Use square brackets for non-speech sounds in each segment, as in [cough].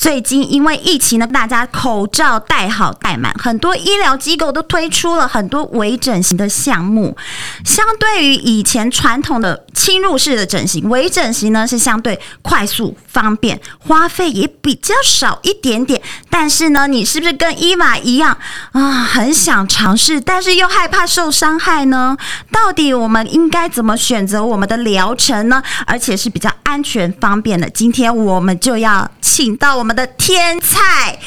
最近因為疫情呢，大家口罩戴好戴滿，很多醫療機構都推出了很多微整形的項目。相對於以前傳統的侵入式的整形，微整形呢是相對快速、方便，花費也比較少一點點。但是呢，你是不是跟伊娃一樣啊，很想嘗試，但是又害怕受傷害呢？到底我們應該怎麼選擇我們的療程呢？而且是比較安全、方便的。今天我們就要請到我們。我們的天菜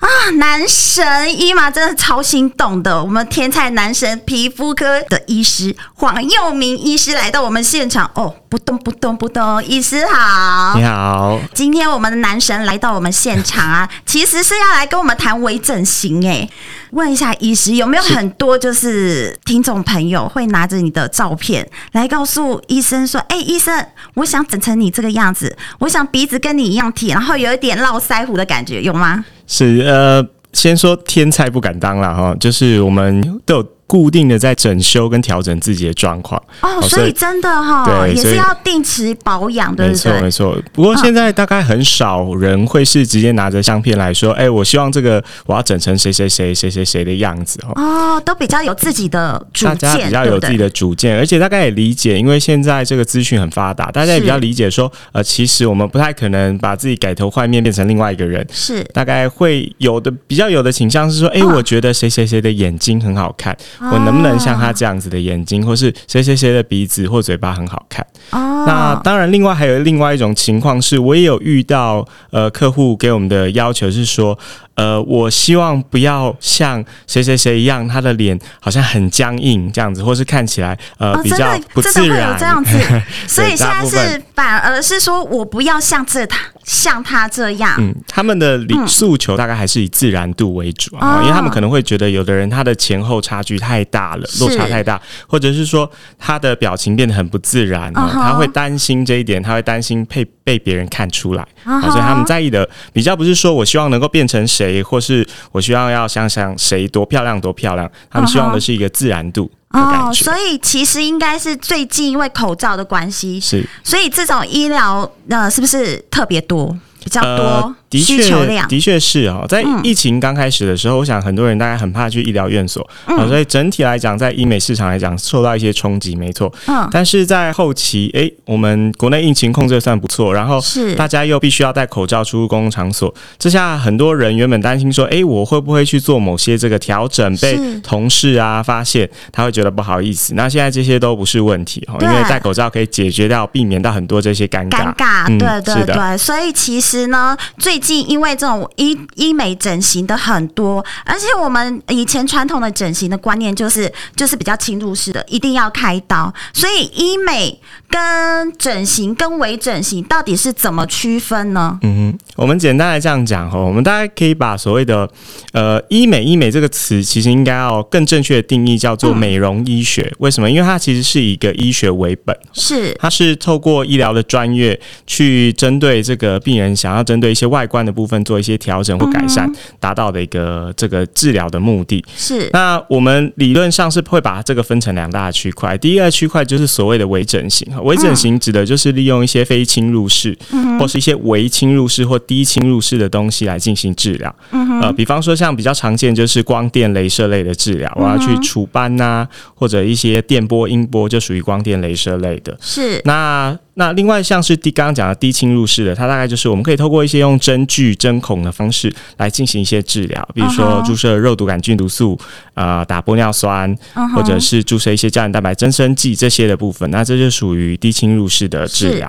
啊，男神伊瑪真的超心動的。我們天菜男神皮膚科的醫師黃幼鳴醫師來到我們現場哦。不動不動不動醫師好，你好。今天我們的男神來到我們現場啊，其實是要來跟我們談微整形誒。問一下醫師，有沒有很多就是，是聽眾朋友會拿着你的照片來告訴醫生說：“哎、欸，醫生，我想整成你這個樣子，我想鼻子跟你一樣挺，然後有一點絡腮胡的感覺，有嗎？”是呃，先說天菜不敢當了哈，就是我們都有。固定的在整修跟調整自己的狀況、oh, oh, 哦，所以真的哈，也是要定期保養，的沒錯沒錯。不過現在大概很少人會是直接拿着相片來說：“哎、oh. 欸，我希望這個我要整成誰誰誰誰誰誰,誰,誰的樣子哦。Oh, ”都比較有自己的主見，大家比較有自己的主見對對，而且大概也理解，因為現在這個資訊很發達，大家也比較理解說：“呃，其實我們不太可能把自己改頭換面變成另外一個人。是”是大概會有的比較有的傾向是說：“哎、oh. 欸，我覺得誰,誰誰誰的眼睛很好看。”我能不能像他這樣子的眼睛，oh. 或是誰誰誰的鼻子或嘴巴很好看？Oh. 那當然，另外還有另外一種情況是，我也有遇到呃客戶給我們的要求是說，呃，我希望不要像誰誰誰一樣，他的臉好像很僵硬這樣子，或是看起來呃、oh, 比較不自然。真的真的會有這樣子 [laughs] 對。所以現在是反而、呃、是說我不要像這他。像他這樣，嗯，他們的理、嗯、訴求大概還是以自然度為主啊、嗯，因為他們可能會覺得有的人他的前後差距太大了，落差太大，或者是說他的表情變得很不自然啊，嗯哼、他會擔心這一點，他會擔心被被別人看出來。哦，所以他們在意的，哦，比較不是說我希望能夠變成誰，或是我希望要想想誰多漂亮多漂亮。他們希望的是一個自然度的感覺哦。哦，所以其實應該是最近因為口罩的關係，是。所以這種醫療呃是不是特別多？比較多需求量、呃，的確，的確是哦。在疫情剛開始的時候、嗯，我想很多人大家很怕去醫療院所啊、嗯哦，所以整體來講，在醫美市場來講受到一些衝擊，沒錯、嗯。但是在後期，哎、欸，我們國內疫情控制算不錯、嗯，然後是大家又必須要戴口罩出入公共場所，這下很多人原本擔心說，哎、欸，我會不會去做某些這個調整被同事啊發現，他會覺得不好意思。那現在這些都不是問題哦，因為戴口罩可以解決掉，避免到很多這些尷尬。尷尬，對、嗯，對對，對，是的，所以其實。其實呢，最近因為這種醫醫美整形的很多，而且我們以前傳統的整形的觀念就是，就是比較侵入式的，一定要開刀。所以醫美跟整形跟微整形到底是怎麼區分呢？嗯哼，我們簡單來這樣講哈，我們大概可以把所謂的呃醫美醫美這個詞，其實應該要更正確的定義叫做美容醫學。嗯。為什麼？因為它其實是一個醫學為本，是它是透過醫療的專業去針對這個病人。想要針對一些外觀的部分做一些調整或改善，達、嗯、到的一個這個治療的目的。是，那我們理論上是會把這個分成兩大區塊，第一個區塊就是所謂的微整形。微整形指的就是利用一些非侵入式，嗯、或是一些微侵入式或低侵入式的東西來進行治療、嗯。呃，比方說像比較常見就是光電、雷射類的治療、嗯，我要去除斑吶，或者一些電波、音波就屬於光電、雷射類的。是那。那另外像是剛剛講的低侵入式的，它大概就是我們可以透過一些用針具、針孔的方式來進行一些治療，比如說注射肉毒桿菌毒素，啊、呃、打玻尿酸，或者是注射一些膠原蛋白增生劑這些的部分，那這就屬於低侵入式的治療。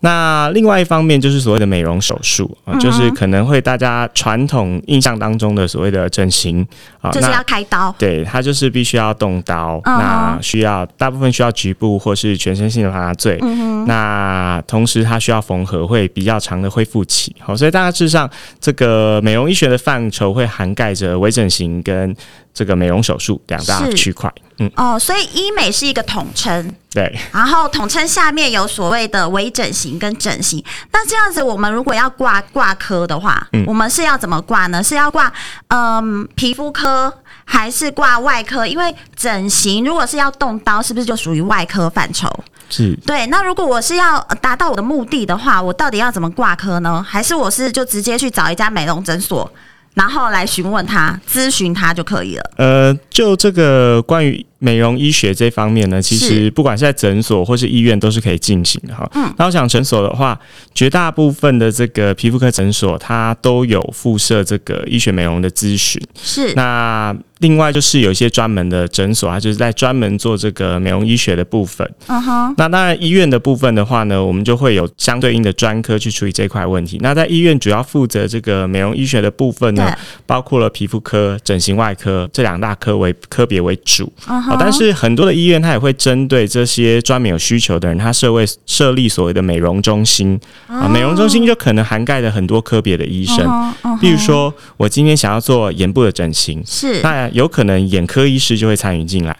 那另外一方面就是所謂的美容手術、嗯，就是可能會大家傳統印象當中的所謂的整形啊，就是要開刀，對它就是必須要動刀，嗯、那需要大部分需要局部或是全身性的麻醉、嗯，那同時它需要縫合，會比較長的恢復期。好，所以大致上這個美容醫學的範疇會涵蓋着微整形跟。這個美容手術兩大區塊，嗯哦，所以醫美是一個統稱，對，然後統稱下面有所謂的微整形跟整形。那這樣子，我們如果要掛掛科的話，嗯，我們是要怎麼掛呢？是要掛嗯、呃，皮膚科，還是掛外科？因為整形如果是要動刀，是不是就屬於外科範疇？是，對。那如果我是要達到我的目的的話，我到底要怎麼掛科呢？還是我是就直接去找一家美容診所？然後來詢問他，諮詢他就可以了。呃，就這個關於。美容醫學這方面呢，其實不管是在診所或是醫院，都是可以進行的哈。嗯。那我想診所的話，絕大部分的這個皮膚科診所，它都有附設這個醫學美容的諮詢。是。那另外就是有一些專門的診所，它就是在專門做這個美容醫學的部分。嗯哼。那當然醫院的部分的話呢，我們就會有相對應的專科去處理這塊問題。那在醫院主要負責這個美容醫學的部分呢，包括了皮膚科、整形外科這兩大科為科別為主。嗯哼。但是很多的醫院，它也會針對這些專門有需求的人，它設會設立所謂的美容中心啊，oh. 美容中心就可能涵蓋着很多科別的醫生。比、oh. oh. oh. 如說，我今天想要做眼部的整形，是那有可能眼科醫師就會參與進來。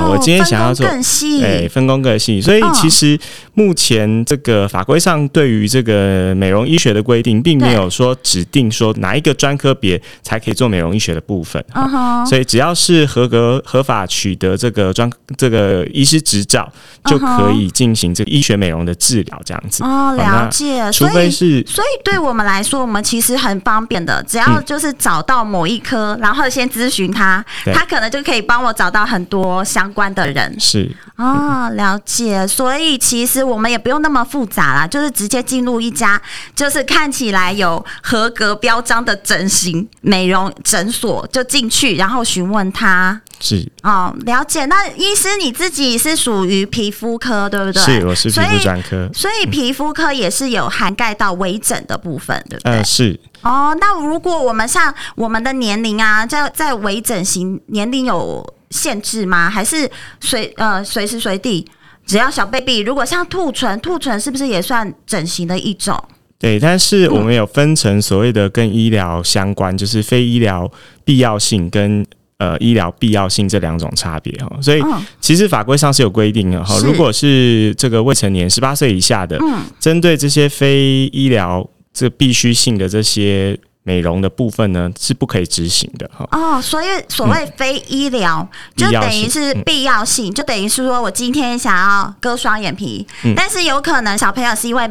我今天想要做更細，哎、哦，分工更細，所以其實目前這個法規上對於這個美容醫學的規定，並沒有說指定說哪一個專科別才可以做美容醫學的部分。哦，所以只要是合格、合法取得這個專這個醫師執照、哦，就可以進行這個醫學美容的治療。這樣子哦，了解。哦、除非是所，所以對我們來說，我們其實很方便的，只要就是找到某一科，嗯、然後先諮詢他，他可能就可以幫我找到很多想。相關的人是。哦，了解。所以其實我們也不用那麼複雜啦，就是直接進入一家，就是看起來有合格標章的整形美容診所，就進去，然後詢問他。是哦，了解。那醫師你自己是屬於皮膚科，對不對？是，我是皮膚專科，所以，所以皮膚科也是有涵蓋到微整的部分，嗯，對不對？呃，是。哦，那如果我們像我們的年齡啊，在在微整形年齡有限制嗎？還是隨呃隨時隨地只要小 baby？如果像兔唇，兔唇是不是也算整形的一種？對，但是我們有分成所謂的跟醫療相關、嗯，就是非醫療必要性跟呃醫療必要性這兩種差別哈。所以、嗯、其實法規上是有規定的哈。如果是這個未成年十八歲以下的，嗯、針對這些非醫療這必須性的這些。美容的部分呢是不可以執行的哈。哦，所以所謂非醫療、嗯、就等於是必要性，必要性，嗯、就等於是說我今天想要割雙眼皮、嗯，但是有可能小朋友是因為。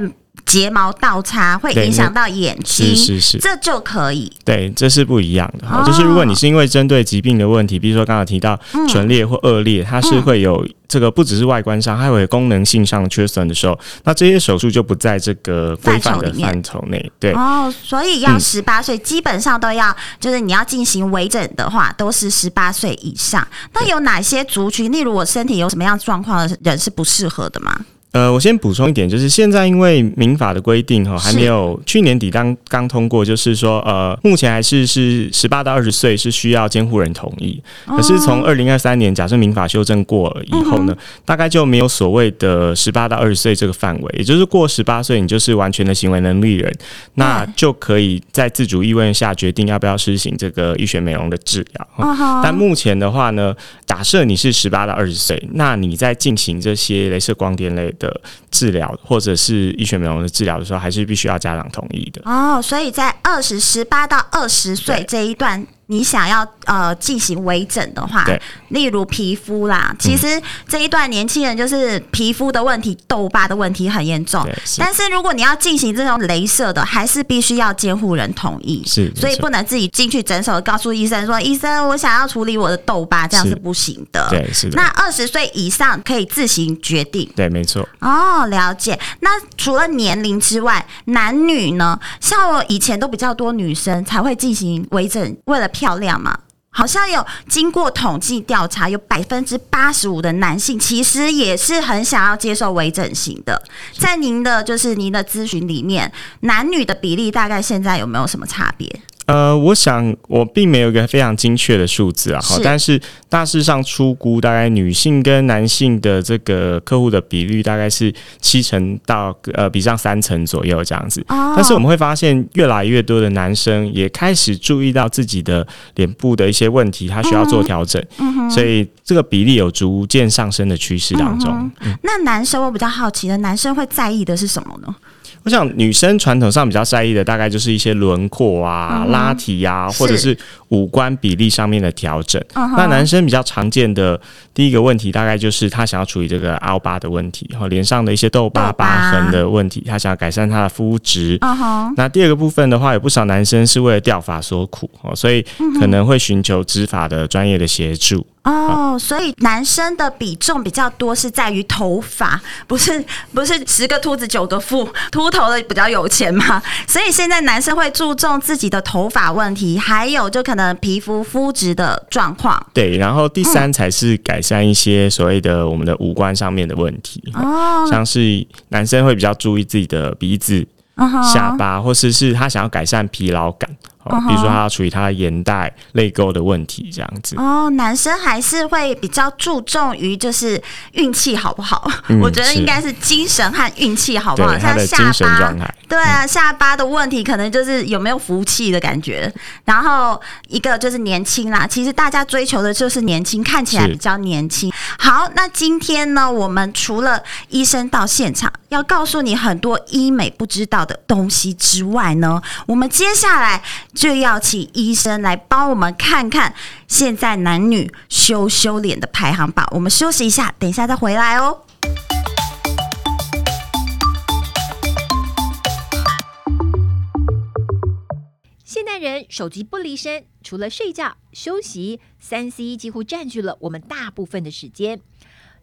睫毛倒插會影響到眼睛，是是是，這就可以。對，這是不一樣的哈、哦。就是如果你是因為針對疾病的問題，比如說剛剛提到唇裂或腭裂、嗯，它是會有這個不只是外觀上，它會有功能性上的缺損的時候、嗯，那這些手術就不在這個規範的範疇內。對哦，所以要十八歲，基本上都要就是你要進行微整的話，都是十八歲以上。那有哪些族群，例如我身體有什麼樣狀況的人是不適合的嗎？呃，我先補充一點，就是現在因為民法的規定哈，還沒有去年底剛剛通過，就是說呃，目前還是是十八到二十歲是需要監護人同意。哦、可是從二零二三年假設民法修正過了以後呢、嗯，大概就沒有所謂的十八到二十歲這個範圍，也就是過十八歲你就是完全的行為能力人，嗯、那就可以在自主意願下決定要不要施行這個醫學美容的治療。哦啊、但目前的話呢，假設你是十八到二十歲，那你在進行這些雷射光電類的治療，或者是醫學美容的治療的時候，還是必須要家長同意的哦。所以在二十十八到二十歲這一段。你想要呃，進行微整的話，例如皮膚啦，其實這一段年輕人就是皮膚的問題、痘、嗯、疤的問題很嚴重。但是如果你要進行這種雷射的，還是必須要監護人同意，是，所以不能自己進去診所告訴醫生說：“醫生，我想要處理我的痘疤，這樣是不行的。”對，是的。那二十歲以上可以自行決定，對，沒錯。哦，了解。那除了年齡之外，男女呢？像我以前都比較多女生才會進行微整，為了。漂亮嗎？好像有經過統計調查，有85，有百分之八十五的男性其實也是很想要接受微整形的。在您的就是您的諮詢裡面，男女的比例大概現在有沒有什麼差別？呃，我想我並沒有一個非常精確的數字啊，好，但是大致上粗估，大概女性跟男性的這個客戶的比率大概是七成到呃比上三成左右這樣子、哦。但是我們會發現，越來越多的男生也開始注意到自己的臉部的一些問題，他需要做調整、嗯，所以這個比例有逐漸上升的趨勢當中、嗯嗯。那男生我比較好奇的，男生會在意的是什麼呢？我想，女生傳統上比較在意的，大概就是一些輪廓啊、嗯、拉提啊，或者是，五官比例上面的調整，uh -huh. 那男生比較常見的第一個問題，大概就是他想要處理這個凹疤的問題，哈，臉上的一些痘疤、疤痕的問題，uh -huh. 他想要改善他的膚質。Uh -huh. 那第二個部分的話，有不少男生是為了掉髮所苦，所以可能會尋求植髮的專業的協助。哦、uh -huh.，uh -huh. 所以男生的比重比較多是在於頭髮，不是不是十個禿子九個富，禿頭的比較有錢嗎？所以現在男生會注重自己的頭髮問題，還有就可能。皮膚膚質的狀況。對，然後第三才是改善一些所謂的我們的五官上面的問題，嗯，像是男生會比較注意自己的鼻子、下巴，嗯，或是是他想要改善疲勞感。比如說，他要處理他的眼袋、淚溝的問題這樣子哦。男生還是會比較注重於就是運氣好不好、嗯，我覺得應該是精神和運氣好不好？他的精神狀態，像下巴。對啊，下巴的問題可能就是有沒有福氣的感覺、嗯。然後一個就是年輕啦，其實大家追求的就是年輕，看起來比較年輕。好，那今天呢，我們除了醫生到現場要告訴你很多醫美不知道的東西之外呢，我們接下來。就要請醫生來幫我們看看，現在男女修修臉的排行榜。我們休息一下，等一下再回來哦。現代人手機不離身，除了睡覺休息，3C 幾乎佔據了我們大部分的時間。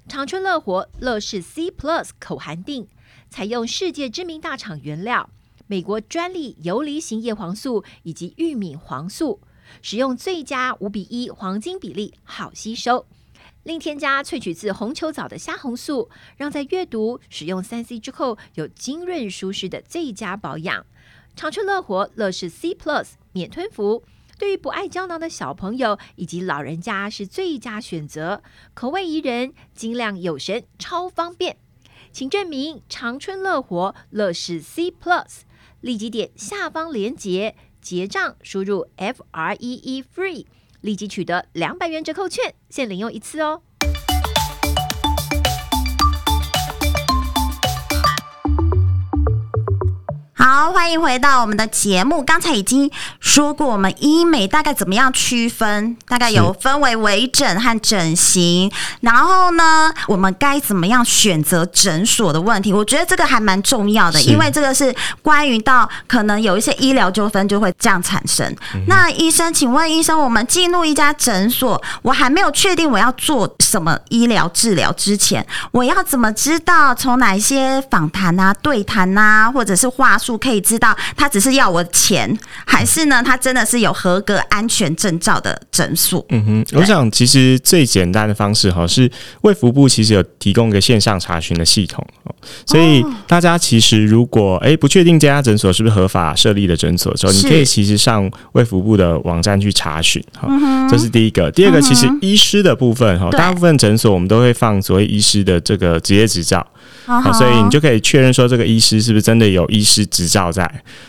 常春樂活樂視 C Plus 口含錠，採用世界知名大廠原料。美國專利游離型葉黃素以及玉米黃素，使用最佳五比一黃金比例，好吸收。另添加萃取自紅球藻的蝦紅素，讓在閱讀使用三 C 之後有晶潤舒適的最佳保養。常春樂活樂視 C Plus 免吞服，對於不愛膠囊的小朋友以及老人家是最佳選擇。口味宜人，晶亮有神，超方便。請認明常春樂活樂視 C Plus。立即點下方連結結賬，輸入 F R E E f r e 立即取得兩百元折扣券，現領用一次哦。好，歡迎回到我們的節目。剛才已經說過，我們醫美大概怎麼樣區分？大概有分為微整和整形。然後呢，我們該怎麼樣選擇診所的問題？我覺得這個還蠻重要的，因為這個是關於到可能有一些醫療糾紛就會這樣產生，嗯。那醫生，請問醫生，我們進入一家診所，我還沒有確定我要做什麼醫療治療之前，我要怎麼知道從哪一些訪談啊、對談啊，或者是話術？可以知道他只是要我的錢，還是呢？他真的是有合格安全證照的診所？嗯哼，我想其實最簡單的方式哈，是衛福部其實有提供一個線上查詢的系統，所以大家其實如果誒、哦欸、不確定這家診所是不是合法設立的診所的時候，你可以其實上衛福部的網站去查詢哈。這、嗯就是第一個，第二個其實、嗯、醫師的部分哈，大部分診所我們都會放所謂醫師的這個職業執照。哦、所以你就可以確認說，這個醫師是不是真的有醫師執照在？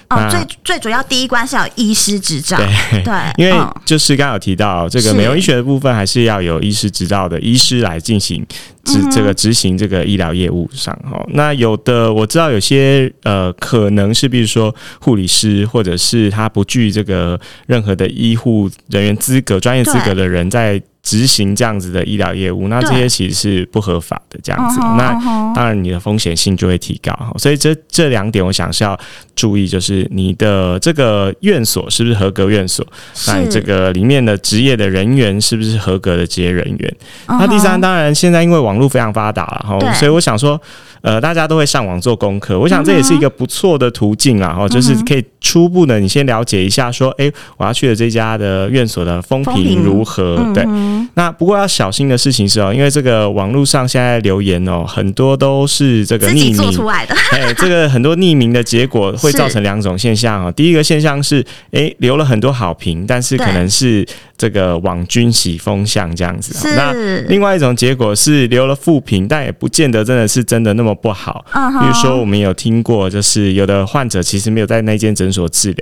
哦，最最主要第一關是要有醫師執照對，對，因為就是剛剛有提到、哦、這個美容醫學的部分，還是要有醫師執照的醫師來進行執這個執行這個醫療業務上、嗯。那有的我知道有些呃，可能是比如說護理師，或者是他不具這個任何的醫護人員資格、嗯、專業資格的人在。執行這樣子的醫療業務，那這些其實是不合法的這樣子。那當然你的風險性就會提高，所以這這兩點我想是要，注意，就是你的這個院所是不是合格院所？是。那你這個裡面的職業的人員是不是合格的職業人員、uh -huh？那第三，當然現在因為網絡非常發達了哈，所以我想說，呃，大家都會上網做功課。我想這也是一個不錯的途徑啊、uh -huh，就是可以初步的你先了解一下說，說、uh -huh 欸，我要去的這家的院所的風評如何？對、uh -huh。那不過要小心的事情是哦，因為這個網絡上現在留言哦，很多都是這個匿名做出來的、欸，這個很多匿名的結果會。會造成兩種現象啊、哦，第一個現象是，哎、欸，留了很多好評，但是可能是。這個網軍洗風向這樣子，那另外一種結果是留了負評，但也不見得真的是真的那麼不好。比、嗯、如說我們有聽過，就是有的患者其實沒有在那間診所治療，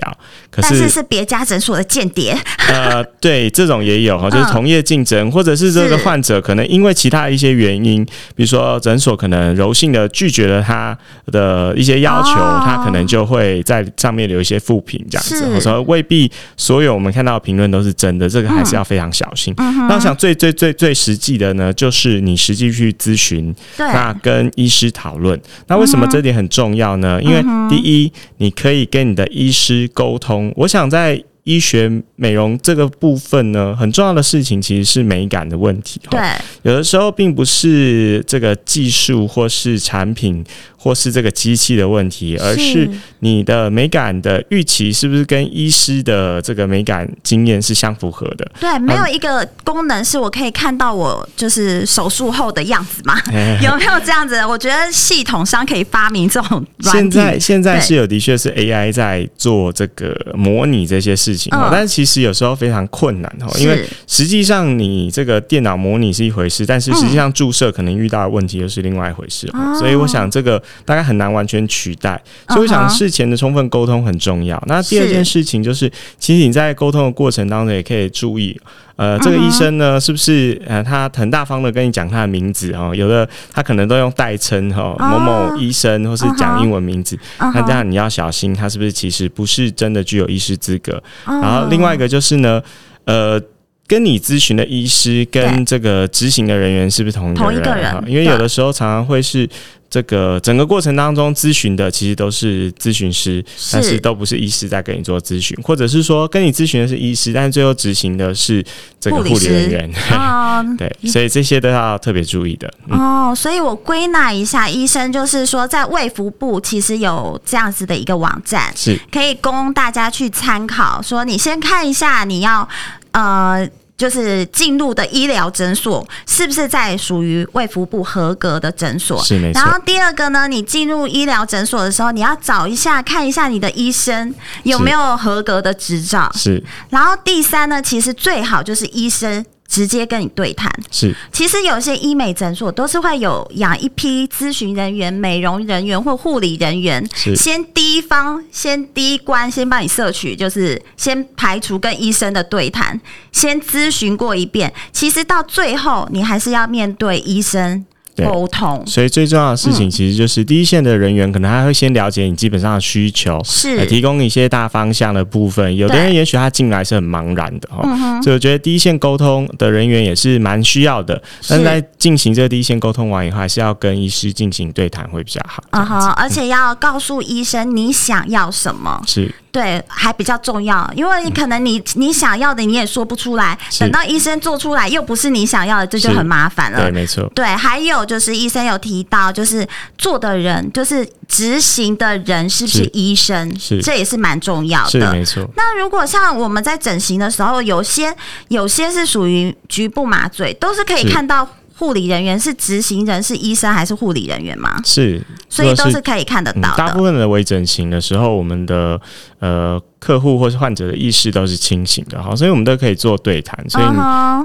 可是但是是別家診所的間諜。呃，對，這種也有，就是同業競爭、嗯，或者是這個患者可能因為其他一些原因，比如說診所可能柔性的拒絕了他的一些要求、哦，他可能就會在上面留一些負評這樣子。我說未必所有我們看到的評論都是真的，這個。還是要非常小心。嗯嗯。那我想最最最最實際的呢，就是你實際去諮詢，那跟醫師討論。那為什麼這點很重要呢？嗯。因為第一，你可以跟你的醫師溝通。我想在。醫學美容這個部分呢，很重要的事情其實是美感的問題。對，有的時候並不是這個技術或是產品或是這個機器的問題，而是你的美感的預期是不是跟醫師的這個美感經驗是相符合的？對，沒有一個功能是我可以看到我就是手術後的樣子嗎？有沒有這樣子？我覺得系統上可以發明這種。現在現在是有，的確是 AI 在做這個模擬這些事情。但是其實有時候非常困難哈，因為實際上你這個電腦模擬是一回事，但是實際上注射可能遇到的問題又是另外一回事，所以我想這個大概很難完全取代。所以我想事前的充分溝通很重要。那第二件事情就是，其實你在溝通的過程當中也可以注意，呃，這個醫生呢是不是呃他很大方的跟你講他的名字哈？有的他可能都用代稱哈，某某醫生或是講英文名字，那這樣你要小心，他是不是其實不是真的具有醫師資格？哦、然後另外一個就是呢，呃，跟你諮詢的醫師跟這個執行的人員是不是同一個人？同一個人，因為有的時候常常會是。這個整個過程當中諮詢的其實都是諮詢師，是但是都不是醫師在給你做諮詢，或者是說跟你諮詢的是醫師，但是最後執行的是這個護理人員。嗯、對，所以這些都要特別注意的、嗯。哦，所以我歸納一下，醫生就是說在衛福部其實有這樣子的一個網站，是可以供大家去參考。說你先看一下，你要呃。就是進入的醫療診所是不是在屬於衛福部合格的診所？是沒錯。然後第二個呢，你進入醫療診所的時候，你要找一下看一下你的醫生有沒有合格的執照。是。然後第三呢，其實最好就是醫生直接跟你對談是，其實有些醫美診所都是會有養一批諮詢人員、美容人員或護理人員，先第一方、先第一關、先幫你攝取，就是先排除跟醫生的對談，先諮詢過一遍。其實到最後，你還是要面對醫生。溝通，所以最重要的事情其實就是第一線的人員，可能他會先了解你基本上的需求，是提供一些大方向的部分。有的人也許他進來是很茫然的哈，所以我覺得第一線溝通的人員也是蠻需要的。嗯、但在進行這個第一線溝通完以後，還是要跟醫師進行對談會比較好。啊、嗯、哈，而且要告訴醫生你想要什麼。是。對，還比較重要，因為你可能你、嗯、你想要的你也說不出來，等到醫生做出來又不是你想要的，這就很麻煩了。對，沒錯。對，還有就是醫生有提到，就是做的人，就是執行的人是不是醫生，是這也是蠻重要的。是，是沒錯。那如果像我們在整形的時候，有些有些是屬於局部麻醉，都是可以看到。護理人員是執行人，是醫生還是護理人員嗎？是，是，所以都是可以看得到的。嗯，大部分的微整形的時候，我們的呃。客戶或是患者的意識都是清醒的，好，所以我們都可以做對談，所以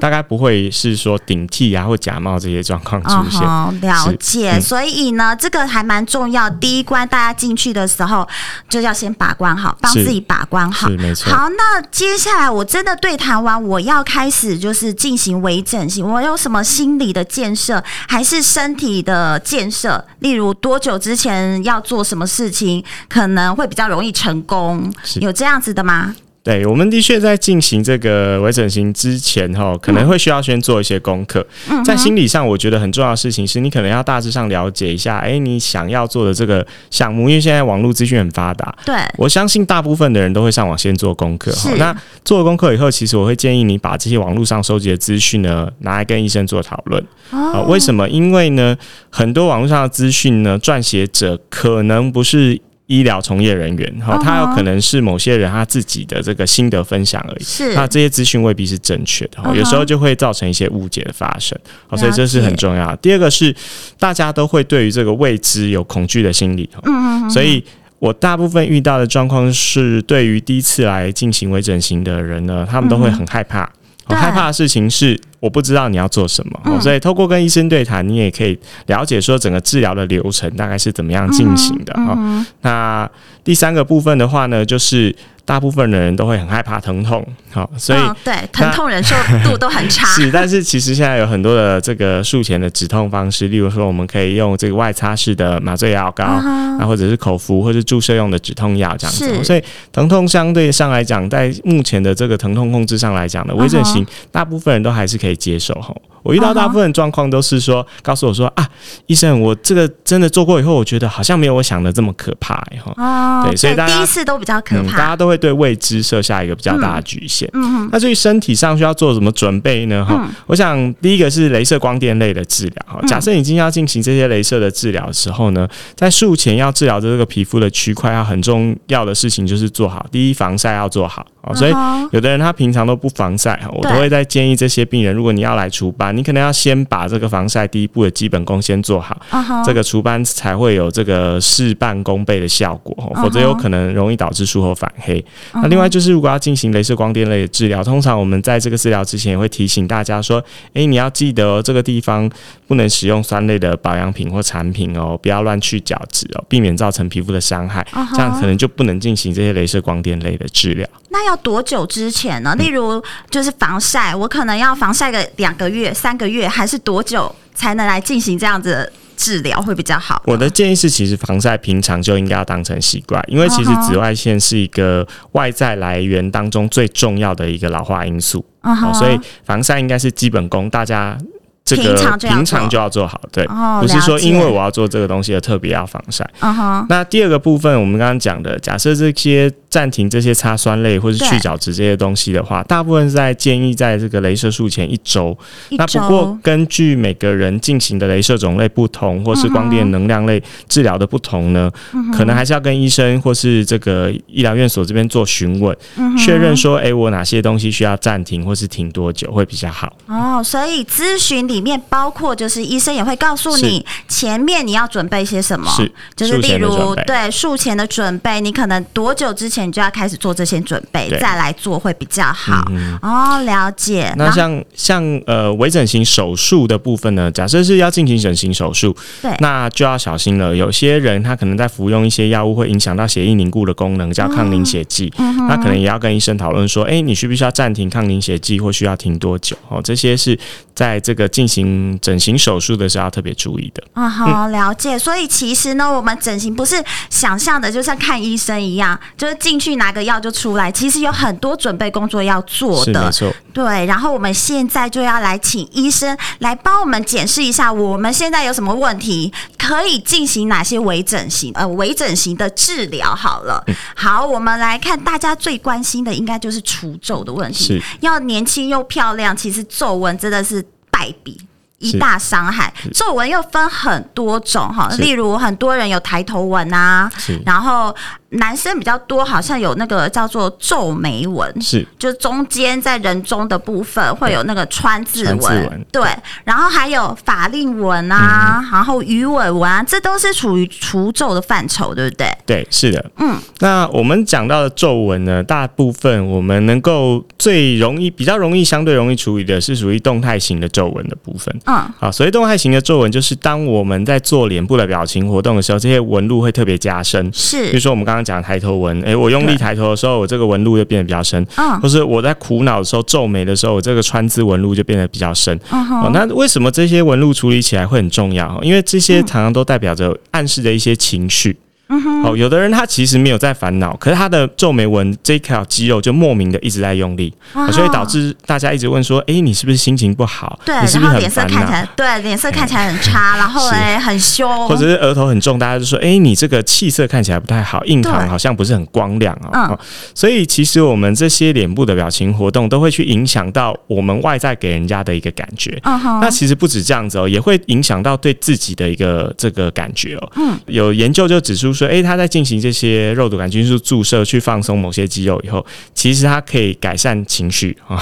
大概不會是說頂替啊或假冒這些狀況出現。哦，uh-huh，了解，嗯。所以呢，這個還蠻重要。第一關大家進去的時候就要先把關好，幫自己把關好。是，沒錯。好，那接下來我真的對談完，我要開始就是進行微整形，我有什麼心理的建設，還是身體的建設？例如多久之前要做什麼事情，可能會比較容易成功。有這個這樣子的嗎？對，我們的確在進行這個微整形之前，哈，可能會需要先做一些功課。嗯。在心理上，我覺得很重要的事情是，你可能要大致上了解一下，哎、欸，你想要做的這個項目，因為現在網絡資訊很發達。對，我相信大部分的人都會上網先做功課。好，那做了功課以後，其實我會建議你把這些網絡上收集的資訊呢，拿來跟醫生做討論。好。哦，呃，為什麼？因為呢，很多網絡上的資訊呢，撰寫者可能不是。醫療從業人員，哈、uh -huh.，他有可能是某些人他自己的這個心得分享而已，是、uh -huh. 那這些資訊未必是正確的，哈、uh -huh.，有時候就會造成一些誤解的發生，好、uh -huh.，所以這是很重要的。Uh -huh. 第二個是，大家都會對於這個未知有恐懼的心理，嗯嗯嗯，所以我大部分遇到的狀況是，對於第一次來進行微整形的人呢，uh -huh. 他們都會很害怕。我害怕的事情是，我不知道你要做什麼。嗯，所以透過跟醫生對談，你也可以了解說整個治療的流程大概是怎麼樣進行的。嗯嗯嗯。那第三個部分的話呢，就是。大部分的人都會很害怕疼痛，好，所以、嗯、對疼痛忍受度都很差。是，但是其實現在有很多的這個術前的止痛方式，例如說我們可以用這個外擦式的麻醉藥膏，啊、嗯、或者是口服或者是注射用的止痛藥這樣子。所以疼痛相對上來講，在目前的這個疼痛控制上來講的微整形，大部分人都還是可以接受。吼。我遇到大部分狀況都是說，uh -huh. 告訴我說啊，醫生，我這個真的做過以後，我覺得好像沒有我想的這麼可怕吼。uh -huh. 對，所以大家。okay. 第一次都比較可怕，嗯、大家都會對未知設下一個比較大的局限。嗯哼。那至於身體上需要做什麼準備呢？哈、uh -huh. 哦，我想第一個是雷射光電類的治療哈。哦。假設已經要進行這些雷射的治療的時候呢，uh -huh. 在術前要治療的這個皮膚的區塊，要很重要的事情就是做好第一防曬要做好啊。哦。所以有的人他平常都不防曬，uh -huh. 我都會再建議這些病人，如果你要來除斑。你可能要先把這個防曬第一步的基本功先做好，uh -huh. 這個除斑才會有這個事半功倍的效果，uh -huh. 否則有可能容易導致術後反黑。Uh -huh. 那另外就是，如果要進行雷射光電類的治療，通常我們在這個治療之前也會提醒大家說：“哎，你要記得哦，這個地方不能使用酸類的保養品或產品哦，不要亂去角質哦，避免造成皮膚的傷害。Uh -huh. 這樣可能就不能進行這些雷射光電類的治療。Uh-huh.” 那要多久之前呢？嗯。例如就是防曬，我可能要防曬個兩個月。三個月還是多久才能來進行這樣子治療會比較好？我的建議是，其實防曬平常就應該要當成習慣，因為其實紫外線是一個外在來源當中最重要的一個老化因素，哦哦，所以防曬應該是基本功，大家這個平常就要做，就要做，就要做好。對，哦，不是說因為我要做這個東西而特別要防曬。嗯，哦，那第二個部分我們剛剛講的，假設這些。暫停這些擦酸類或是去角質這些東西的話，大部分是在建議在這個鐳射術前一周。那不過根據每個人進行的鐳射種類不同，或是光電能量類治療的不同呢、嗯，可能還是要跟醫生或是這個醫療院所這邊做詢問，確、嗯、認說，哎、欸，我哪些東西需要暫停，或是停多久會比較好。哦，所以諮詢裡面包括就是醫生也會告訴你前面你要準備些什麼，是就是例如對術前的準備，你可能多久之前？你就要開始做這些準備，再來做會比較好、嗯、哦。了解。那像像呃微整形手術的部分呢，假設是要進行整形手術，對，那就要小心了。有些人他可能在服用一些藥物，會影響到血液凝固的功能，叫抗凝血劑。那、嗯、可能也要跟醫生討論說，哎、欸，你需不需要暫停抗凝血劑，或需要停多久？哦，這些是。在這個進行整形手術的時候，要特別注意的。啊、uh -huh, 嗯，好，了解。所以其實呢，我們整形不是想象的，就像看醫生一樣，就是進去拿個藥就出來。其實有很多準備工作要做的，沒錯。對，然後我們現在就要來請醫生來幫我們解釋一下，我們現在有什麼問題。可以進行哪些微整形？呃，微整形的治療好了。好，我們來看大家最關心的，應該就是除皺的問題。要年輕又漂亮，其實皺紋真的是敗筆，一大傷害。皺紋又分很多種哈，例如很多人有抬頭紋啊，然後。男生比較多，好像有那個叫做皺眉紋，是，就是中間在人中的部分會有那個川字紋，對，然後還有法令紋啊、嗯，然後魚尾紋啊，這都是屬於除皺的範疇，對不對？對，是的。嗯，那我們講到的皺紋呢，大部分我們能夠最容易、比較容易、相對容易處理的是屬於動態型的皺紋的部分。嗯，好，所以動態型的皺紋就是當我們在做臉部的表情活動的時候，這些紋路會特別加深。是，比如說我們剛剛。講抬頭紋，哎、欸，我用力抬頭的時候，我這個紋路就變得比較深。哦、或是我在苦惱的時候、皺眉的時候，我這個川字紋路就變得比較深。哦哦、那為什麼這些紋路處理起來會很重要？因為這些常常都代表着暗示的一些情緒。嗯嗯、哦，有的人他其實沒有在煩惱，可是他的皺眉紋這條肌肉就莫名的一直在用力，哦、所以導致大家一直問說：哎、欸，你是不是心情不好？對，你是不是很、啊、臉色看起來對，臉色看起來很差，嗯、然後哎、欸、很兇，或者是額頭很重，大家就說：哎、欸，你這個氣色看起來不太好，印堂好像不是很光亮啊、哦嗯哦。所以其實我們這些臉部的表情活動都會去影響到我們外在給人家的一個感覺。好、嗯，那其實不止這樣子哦，也會影響到對自己的一個這個感覺哦。嗯，有研究就指出說。所以，他在進行這些肉毒桿菌素注射去放鬆某些肌肉以後，其實它可以改善情緒、哦、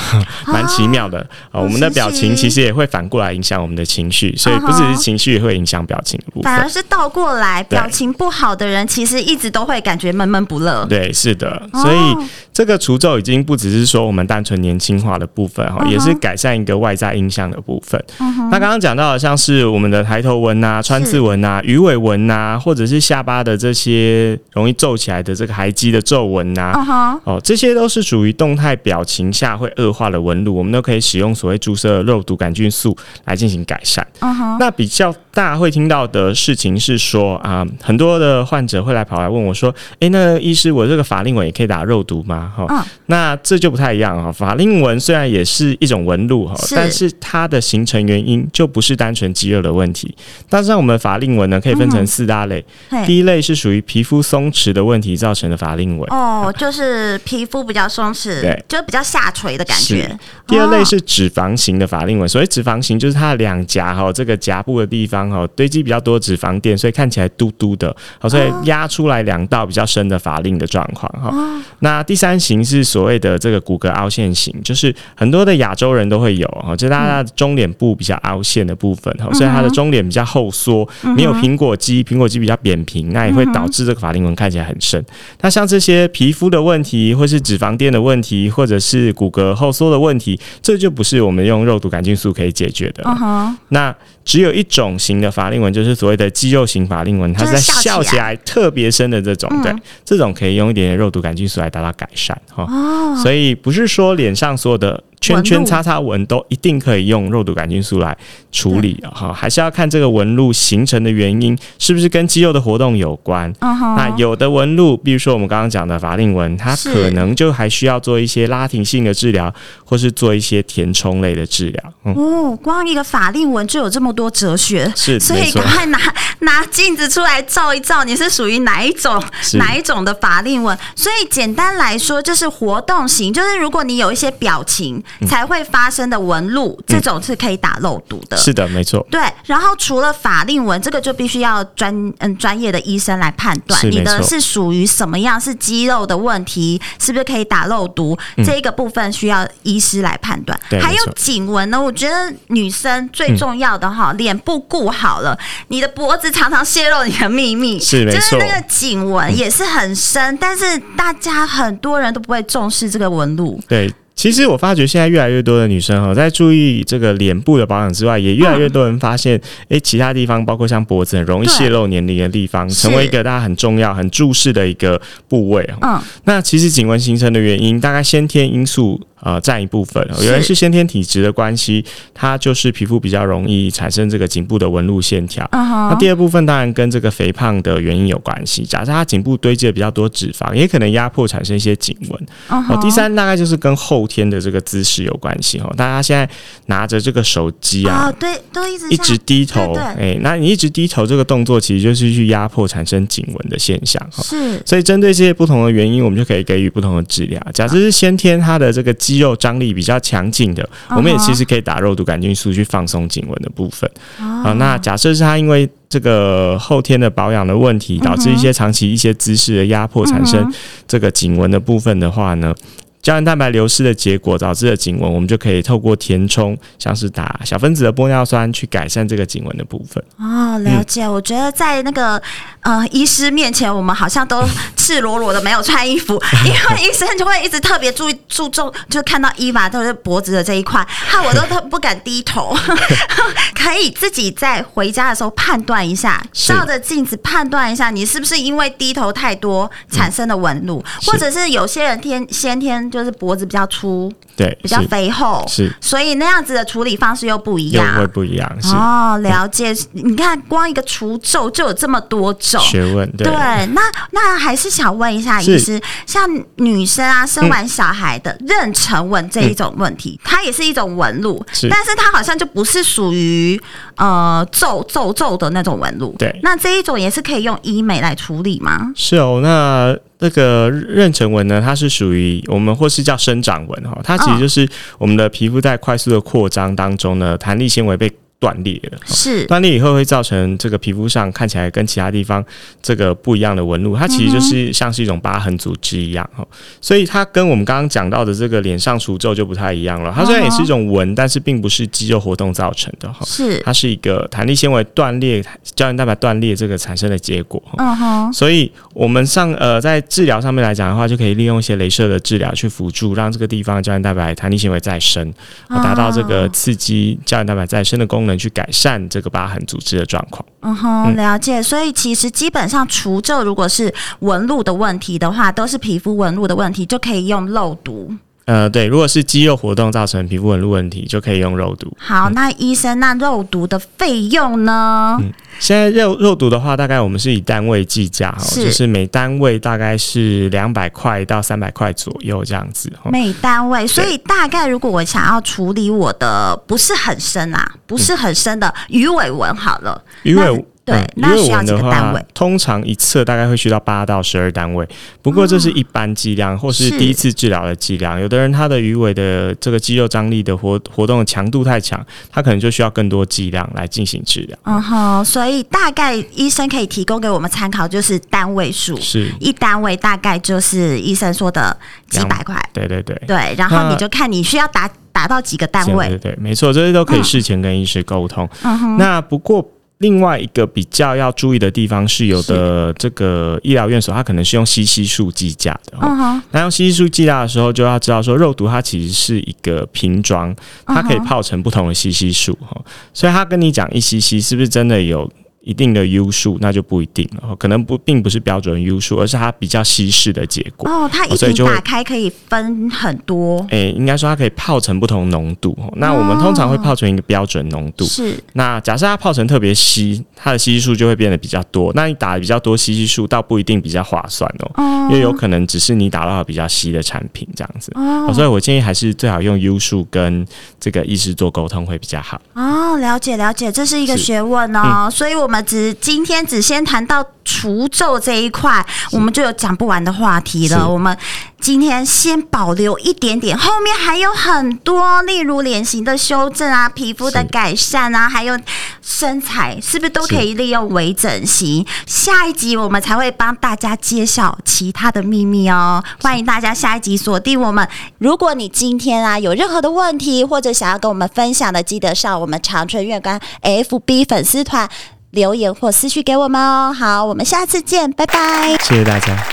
蠻奇妙的、哦、我們的表情其實也會反過來影響我們的情緒、哦，所以不只是情緒、哦、會影響表情，反而是倒過來。表情不好的人，其實一直都會感覺悶悶不樂。對，是的，所以。哦這個除皺已經不只是說我們單純年輕化的部分哈，uh -huh. 也是改善一個外在印象的部分。Uh -huh. 那剛剛講到的像是我們的抬頭紋啊、川字紋啊、魚尾紋吶、啊，或者是下巴的這些容易皺起來的這個頦肌的皺紋吶、啊，uh -huh. 哦，這些都是屬於動態表情下會惡化的紋路，我們都可以使用所謂注射的肉毒桿菌素來進行改善。Uh -huh. 那比較。大家會聽到的事情是說啊、嗯，很多的患者會來跑來問我說：“哎，那個、醫師，我這個法令紋也可以打肉毒嗎？”哈、哦，那這就不太一樣哈。法令紋雖然也是一種紋路哈，但是它的形成原因就不是單純肌肉的問題。但是我們法令紋呢，可以分成四大類、嗯對。第一類是屬於皮膚鬆弛的問題造成的法令紋哦，就是皮膚比較鬆弛，嗯、對，就比較下垂的感覺。第二類是脂肪型的法令紋，哦、所謂脂肪型就是它兩頰哈這個頰部的地方。後堆積比較多脂肪墊，所以看起來嘟嘟的，好，所以壓出來兩道比較深的法令的狀況哈。那第三型是所謂的這個骨骼凹陷型，就是很多的亞洲人都會有哈，就大家的中臉部比較凹陷的部分哈、嗯，所以它的中臉比較後縮、嗯，沒有蘋果肌，蘋果肌比較扁平、嗯，那也會導致這個法令紋看起來很深。那像這些皮膚的問題，或是脂肪墊的問題，或者是骨骼後縮的問題，這就不是我們用肉毒桿菌素可以解決的。嗯、那只有一種型的法令紋，就是所謂的肌肉型法令紋，它是在笑起來特別深的這種，對、嗯，這種可以用一點點肉毒桿菌素來達到改善哈、哦。所以不是說臉上所有的。圈圈、叉叉紋都一定可以用肉毒桿菌素來處理，哈、哦。還是要看這個紋路形成的原因是不是跟肌肉的活動有關。Uh -huh. 那有的紋路，比如說我們剛剛講的法令紋，它可能就還需要做一些拉提性的治療，或是做一些填充類的治療。哦、嗯，光一個法令紋就有這麼多哲學，是，所以趕快拿 [laughs] 拿鏡子出來照一照，你是屬於哪一種哪一種的法令紋？所以簡單來說，就是活動型，就是如果你有一些表情。才會發生的紋路、嗯，這種是可以打肉毒的。是的，沒錯。對，然後除了法令紋，這個就必須要專嗯專業的醫生來判斷，你的是屬於什麼樣，是肌肉的問題，是不是可以打肉毒、嗯？這個部分需要醫師來判斷。對。還有頸紋呢，我覺得女生最重要的哈，嗯，臉部顧好了，你的脖子常常洩露你的秘密。是的，就是那個頸紋也是很深、嗯，但是大家很多人都不會重視這個紋路。對。其實我發覺現在越來越多的女生哈，在注意這個臉部的保養之外，也越來越多人發現，誒、嗯欸，其他地方包括像脖子，很容易泄露年齡的地方，成為一個大家很重要、很注視的一個部位啊、嗯。那其實頸紋形成的原因，大概先天因素。呃，佔一部分，有人是先天體質的關係，它就是皮膚比較容易產生這個頸部的紋路線條。Uh -huh. 那第二部分當然跟這個肥胖的原因有關係，假設它頸部堆積了比較多脂肪，也可能壓迫產生一些頸紋。Uh -huh. 哦，第三大概就是跟後天的這個姿勢有關係哈。大家現在拿着這個手機啊，對，都一直一直低頭，哎、uh -huh. 欸，那你一直低頭這個動作其實就是去壓迫產生頸紋的現象哈。是、uh -huh.，所以針對這些不同的原因，我們就可以給予不同的治療。假設是先天，它的這個。肌肉張力比較強勁的，我們也其實可以打肉毒桿菌素去放鬆頸紋的部分。uh -huh. 啊。那假設是他因為這個後天的保養的問題，導致一些長期一些姿勢的壓迫，產生這個頸紋的部分的話呢，Uh -huh. 嗯膠原蛋白流失的結果導致的頸紋，我們就可以透過填充，像是打小分子的玻尿酸，去改善這個頸紋的部分。哦，了解。嗯、我覺得在那個呃，醫師面前，我們好像都赤裸裸的沒有穿衣服， [laughs] 因為醫生就會一直特別注意注重，就看到伊娃都是脖子的這一塊，哈，我都都不敢低頭。 [laughs] [laughs] 可以自己在回家的時候判斷一下，照着鏡子判斷一下，你是不是因為低頭太多產生的紋路，嗯，或者是有些人天先天。就是脖子比較粗，對，比較肥厚，是，所以那樣子的處理方式又不一樣，會不一樣，哦，了解、嗯。你看，光一個除皺就有這麼多種學問，對。對那那還是想問一下，醫師是，像女生啊，生完小孩的妊娠紋這一種問題，嗯、它也是一種紋路是，但是它好像就不是屬於呃皺皺皺的那種紋路，對。那這一種也是可以用醫美來處理嗎？是哦，那。這個妊娠紋呢，它是屬於我們或是叫生長紋哈，它其實就是我們的皮膚在快速的擴張當中呢，彈力纖維被。斷裂了，是斷裂以後會造成這個皮膚上看起來跟其他地方這個不一樣的紋路，它其實就是像是一種疤痕組織一樣哈、嗯，所以它跟我們剛剛講到的這個臉上除皺就不太一樣了。它雖然也是一種紋，哦、但是並不是肌肉活動造成的哈，是它是一個彈力纖維斷裂、膠原蛋白斷裂，這個產生的結果。嗯、哦、哼，所以我們上呃在治療上面來講的話，就可以利用一些雷射的治療去輔助，讓這個地方膠原蛋白、彈力纖維再生、啊，達到這個刺激膠原蛋白再生的功能。哦能去改善這個疤痕組織的狀況。Uh-huh，嗯哼，了解。所以其實基本上除皺，如果是紋路的問題的話，都是皮膚紋路的問題，就可以用肉毒。呃，對，如果是肌肉活動造成皮膚紋路問題，就可以用肉毒。好，那醫生，嗯，那肉毒的費用呢？嗯，現在肉肉毒的話，大概我們是以單位計價哈，是，就是每單位大概是兩百塊到三百塊左右這樣子，每單位，所以大概如果我想要處理我的不是很深啊，不是很深的魚尾紋，好了，魚尾。對、嗯，那需要幾個單位？嗯、通常一側大概會需要八到十二單位，嗯，不過這是一般劑量或是第一次治療的劑量。有的人他的魚尾的這個肌肉張力的活活動的強度太強，他可能就需要更多劑量來進行治療，嗯。嗯哼，所以大概醫生可以提供給我們參考就是單位數，是一單位大概就是醫生說的幾百塊。對對對，對，然後你就看你需要打打到幾個單位。對對，對，沒錯，這些都可以事前跟醫師溝通。嗯哼，那不過。另外一個比較要注意的地方是，有的這個醫療院所，它可能是用西西數計價的。嗯哼，那用西西數計價的時候，就要知道說肉毒它其實是一個瓶裝，它可以泡成不同的西西數哈。所以他跟你講一西西，是不是真的有一定的 U 數，那就不一定了，哦，可能不並不是標準 U 數，而是它比較稀釋的結果哦。它已經打開可以分很多，哎、欸，應該說它可以泡成不同濃度，哦哦。那我們通常會泡成一個標準濃度。是。那假設它泡成特別稀，它的稀釋數就會變得比較多。那你打了比較多稀釋數，倒不一定比較划算哦，哦，因為有可能只是你打到比較稀的產品這樣子，哦哦。所以我建議還是最好用 U 數跟這個醫師做溝通會比較好。哦，了解了解，這是一個學問哦。嗯、所以我。我們只今天只先談到除皺這一塊，我們就有講不完的話題了。我們今天先保留一點點，後面還有很多，例如臉型的修正啊、皮膚的改善啊，還有身材，是不是都可以利用微整形？下一集我們才會幫大家揭曉其他的秘密哦。歡迎大家下一集鎖定我們。如果你今天啊有任何的問題，或者想要跟我們分享的，記得上我們常春月刊 FB 粉絲團留言或私訊給我們哦。好，我們下次見，拜拜！謝謝大家。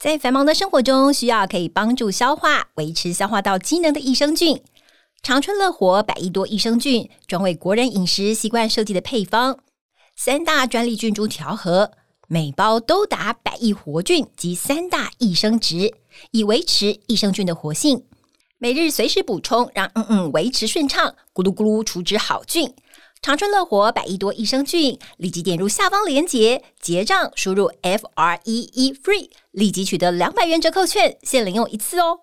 在繁忙的生活中，需要可以幫助消化、維持消化道機能的益生菌。常春樂活佰益多益生菌，專為國人飲食習慣設計的配方，三大專利菌株調和，每包都達佰億活菌及三大益生質，以維持益生菌的活性。每日隨時補充，讓嗯嗯維持順暢，咕嚕咕嚕儲值好菌，常春樂活佰益多益生菌，立即點入下方連結結賬，輸入 F R E E FREE，立即取得兩百元折扣券，限領用一次哦。